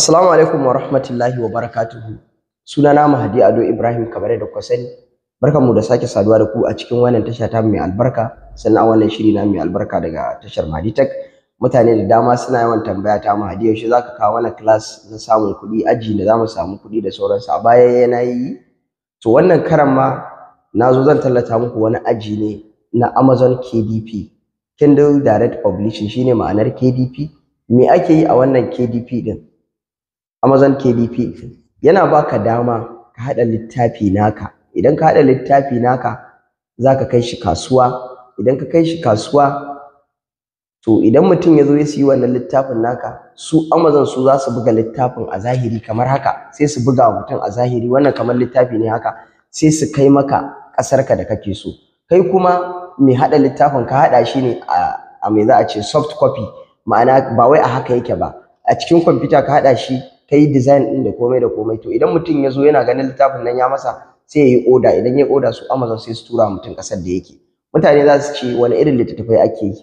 Assalamu alaikum wa rahmatullahi wa barakatuhu. Sunana Mahdi Ado Ibrahim Kabare da kuka sani. Barkanmu da sake saduwa da ku a cikin wannan tasha ta mai albarka, sannan a wannan shiri na mai albarka daga tashar mahdi Tech. Mutane da dama suna yawan tambaya ta Mahdi yaushe za ka kawo wani class na samun kuɗi, aji da za mu samu kuɗi da sauransu. A baya na yi. To wannan karan ma na zo zan tallata muku wani aji ne na Amazon KDP. Kindle Direct Publishing shine ma'anar KDP. Me ake yi a wannan KDP din? Amazon KDP yana baka dama ka haɗa littafi naka idan ka haɗa littafi naka zaka kai shi kasuwa idan ka kai shi kasuwa to idan mutum ya zo ya siyi wannan littafin naka su Amazon su za su buga littafin a zahiri kamar haka sai su buga wa mutum a zahiri wannan kamar littafi ne haka sai su kai maka ƙasarka da kake so kai kuma mai haɗa littafin ka haɗa shi ne a me za a ce soft copy ma'ana ba wai a haka yake ba a cikin kwamfuta ka haɗa shi ta yi design ɗin da komai da komai to idan mutum ya zo yana ganin littafin nan ya masa sai ya yi oda idan ya yi oda su amazon sai su tura mutum ƙasar da yake mutane za su ce wani irin littattafai ake yi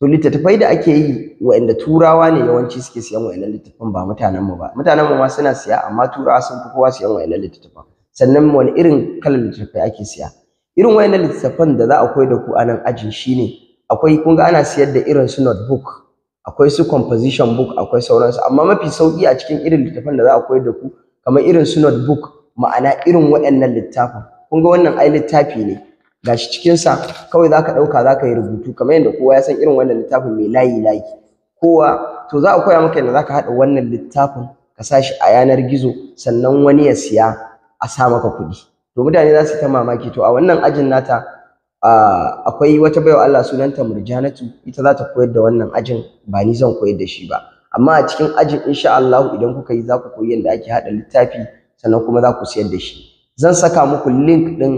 to littattafai da ake yi wa'anda turawa ne yawanci suke siyan wa'annan littattafan ba mutanenmu ba mutanenmu ma suna siya amma turawa sun fi kowa siyan wa'annan littattafan sannan wani irin kalan littattafai ake siya irin wa'annan littattafan da za a koyar da ku a nan ajin shine akwai kun ga ana siyar da irin su notebook akwai su composition book akwai sauransu amma mafi sauki a cikin irin littafan da za a koyar da ku kamar irin su notebook ma'ana irin waɗannan littafin kun ga wannan ai littafi ne gashi cikin sa kawai zaka dauka zaka yi rubutu kamar yadda kowa ya san irin wannan littafin mai layi layi kowa to za a koya maka yadda zaka haɗa wannan littafin ka sa shi a yanar gizo sannan wani ya siya a sa maka kuɗi to mutane za su ta mamaki to a wannan ajin nata akwai wata baiwa Allah sunanta Murjanatu ita za ta koyar da wannan ajin ba ni zan koyar da shi ba amma a cikin ajin insha Allah idan kuka yi za ku koyi yadda ake haɗa littafi sannan kuma za ku sayar da shi zan saka muku link ɗin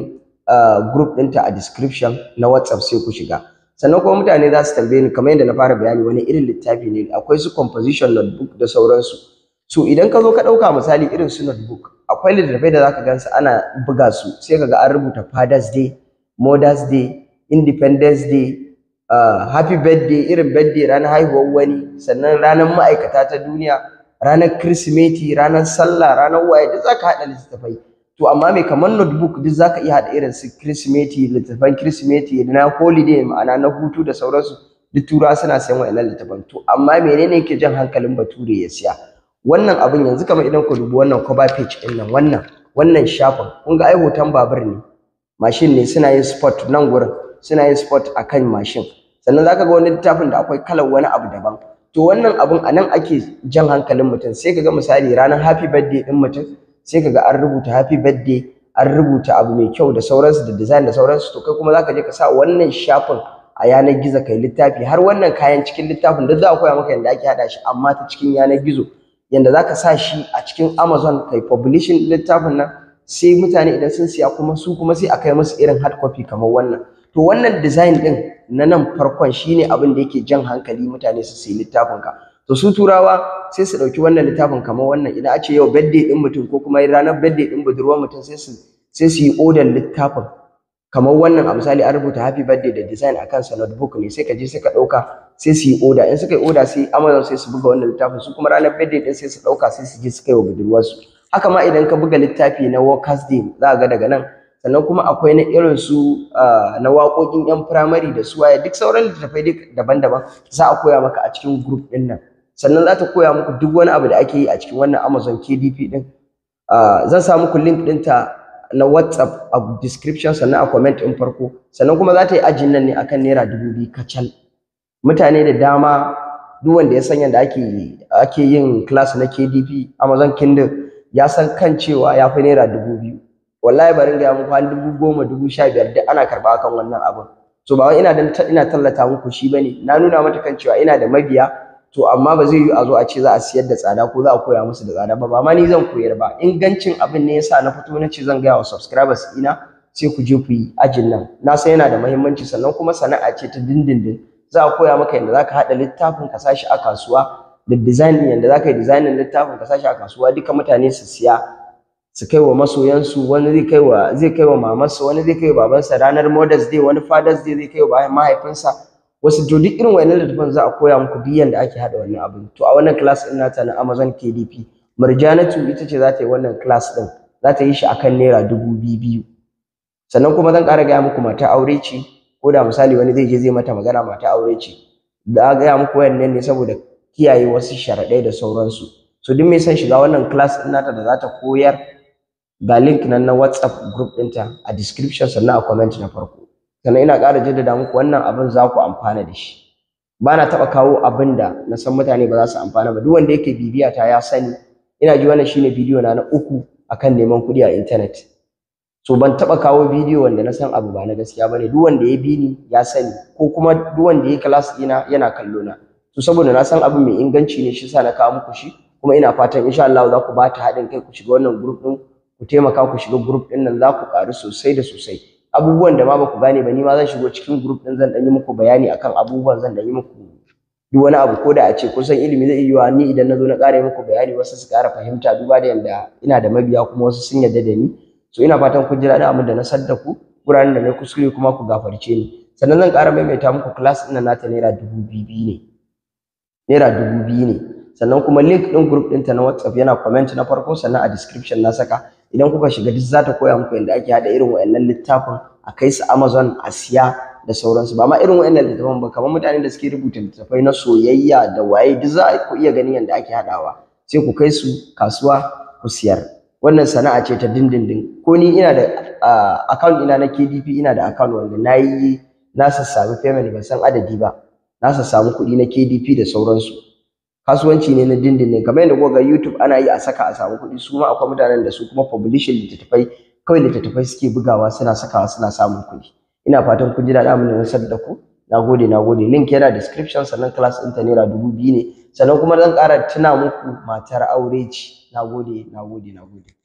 group ɗinta a description na WhatsApp sai ku shiga sannan kuma mutane za su tambaye ni kamar yadda na fara bayani wani irin littafi ne akwai su composition notebook da sauransu so idan ka zo ka ɗauka misali irin su notebook akwai littattafai da za zaka gansu ana buga su sai kaga an rubuta Father's Day Mother's Day, Independence Day, uh, Happy Birthday, irin birthday ranar haihuwar wani, sannan ranar ma'aikata ta duniya, ranar Kirsimeti, ranar Sallah, ranar waye, duk zaka haɗa littattafai. To amma mai kamar notebook duk zaka iya haɗa irin su Kirsimeti, littattafan Kirsimeti, na holiday ma'ana na hutu da sauransu, duk tura suna sayan wa'annan littattafan. To amma menene yake jan hankalin bature ya siya? Wannan abin yanzu kamar idan ku dubi wannan cover page ɗin nan, wannan, wannan shafin, kun ga ai hoton babur ne. mashin ne suna yin spot nan gurin suna yin sport akan mashin sannan zaka ga wani littafin da akwai kalar wani abu daban to wannan abun a nan ake jan hankalin mutum sai ka ga misali ranar happy birthday din mutum sai kaga an rubuta happy birthday an rubuta abu mai kyau da sauransu da design da sauransu to kai kuma zaka je ka sa wannan shafin a yanar gizo kai littafi har wannan kayan cikin littafin duk za a koya maka yadda ake hada shi amma ta cikin yanar gizo yanda zaka sa shi a cikin Amazon kai publishing littafin nan sai mutane idan sun siya kuma su kuma sai a kai musu irin hard copy kamar wannan to wannan design din na nan farkon shine abin da yake jan hankali mutane su sayi littafin ka to su turawa sai su dauki wannan littafin kamar wannan idan a ce yau birthday din mutum ko kuma ranar birthday din budurwar mutum sai su sai su yi order littafin kamar wannan a misali an rubuta happy birthday da design a kansa notebook ne sai ka je sai ka ɗauka sai su yi oda in suka yi oda sai amazon sai su buga wannan littafin su kuma ranar birthday din sai su dauka sai su je su kai wa budurwarsu haka ma idan ka buga littafi na workers day za ga daga nan sannan kuma akwai na irin su na waƙoƙin yan firamare da suwaye duk sauran littattafai daban-daban za a koya maka a cikin group din nan sannan za ta koya muku duk wani abu da ake yi a cikin wannan amazon kdp din? zan sa muku link ɗinta na whatsapp a description sannan a comment ɗin farko sannan kuma za ta yi ajin nan ne akan naira dubu biyu kacal mutane da dama duk wanda ya sanya da ake ake yin class na KDP Amazon Kindle ya san kan cewa ya fi naira dubu biyu wallahi bari ga muku hali dubu goma dubu sha biyar duk ana karɓa kan wannan abin to ba wai ina ina tallata muku shi bane na nuna mata kan cewa ina da mabiya to amma ba zai yi a zo a ce za a siyar da tsada ko za a koya musu da tsada ba ba ma ni zan koyar ba ingancin abin ne yasa na fito na ce zan gaya wa subscribers ina sai ku je ku yi ajin nan na san yana da muhimmanci sannan kuma sana'a ce ta dindindin za a koya maka yanda zaka ka haɗa littafin ka sashi a kasuwa da design yanda za ka yi designin littafin ka sashi a kasuwa duka mutane su siya su kai wa masoyansu wani zai kai wa zai kai wa mamarsa wani zai kai wa babansa ranar mothers day wani fathers day zai kai wa mahaifinsa wasu to duk irin wayannan littafin za a koya muku duk yanda ake haɗa wannan abin to a wannan class din nata na Amazon KDP Murjanatu ita ce za ta yi wannan class din za ta yi shi akan naira dubu biyu biyu sannan kuma zan ƙara gaya muku mata aure ce ko da misali wani zai je zai mata magana mata aure ce da a gaya muku wayannan ne saboda kiyaye wasu sharaɗai da sauransu so duk mai son shiga wannan class din nata da za ta koyar ga link nan na whatsapp group ɗinta a description sannan a comment na farko sannan ina ƙara jaddada muku wannan abin za ku amfana da shi ba na taɓa kawo abin da na san mutane ba za su amfana ba duk wanda yake bibiya ta ya sani ina ji wannan shine bidiyo na na uku akan neman kuɗi a internet so ban taɓa kawo bidiyo wanda na san abu ba na gaskiya bane duk wanda ya bi ni ya sani ko kuma duk wanda ya class ɗina yana kallo na to saboda na san abin mai inganci ne shi sa na kawo muku shi kuma ina fatan insha Allah za ku ba ta haɗin kai ku shiga wannan group din ku taimaka ku shiga group ɗin nan za ku ƙaru sosai da sosai abubuwan da ma ba ku gane ba ni ma zan shigo cikin group din zan ɗan yi muku bayani akan abubuwan zan ɗan yi muku duk wani abu ko da a ce kusan ilimi zai wa ni idan na zo na ƙara muku bayani wasu su ƙara fahimta duba da yanda ina da mabiya kuma wasu sun yarda da ni so ina fatan ku ji daɗin abin da na sadda ku wuraren da na kuskure kuma ku gafarce ni sannan zan ƙara maimaita muku class ɗin na ta naira dubu biyu ne naira dubu biyu ne sannan kuma link ɗin group ɗinta na whatsapp yana comment na farko sannan a description na saka idan kuka shiga duk za ta koya muku yadda ake haɗa irin wa'annan littafin a kai su amazon a siya da sauransu ba ma irin wa'annan littafin ba kamar mutane da suke rubuta littafai na soyayya da waye duk za ku iya ganin yadda ake haɗawa sai ku kai su kasuwa ku siyar wannan sana'a ce ta dindindin ko ni ina da account ina na KDP ina da account wanda na yi na sassabe payment ban san adadi ba za su samu kuɗi na KDP da sauransu kasuwanci ne na dindindin kamar yadda kuka ga YouTube ana yi a saka a samu kuɗi su ma akwai mutanen da su kuma publishing littattafai kawai littattafai suke bugawa suna sakawa suna samun kuɗi ina fatan kun ji da da na sar da ku nagode nagode link yana description sannan class ɗin ta naira dubu biyu ne sannan kuma zan ƙara tuna muku matar aure ci nagode nagode nagode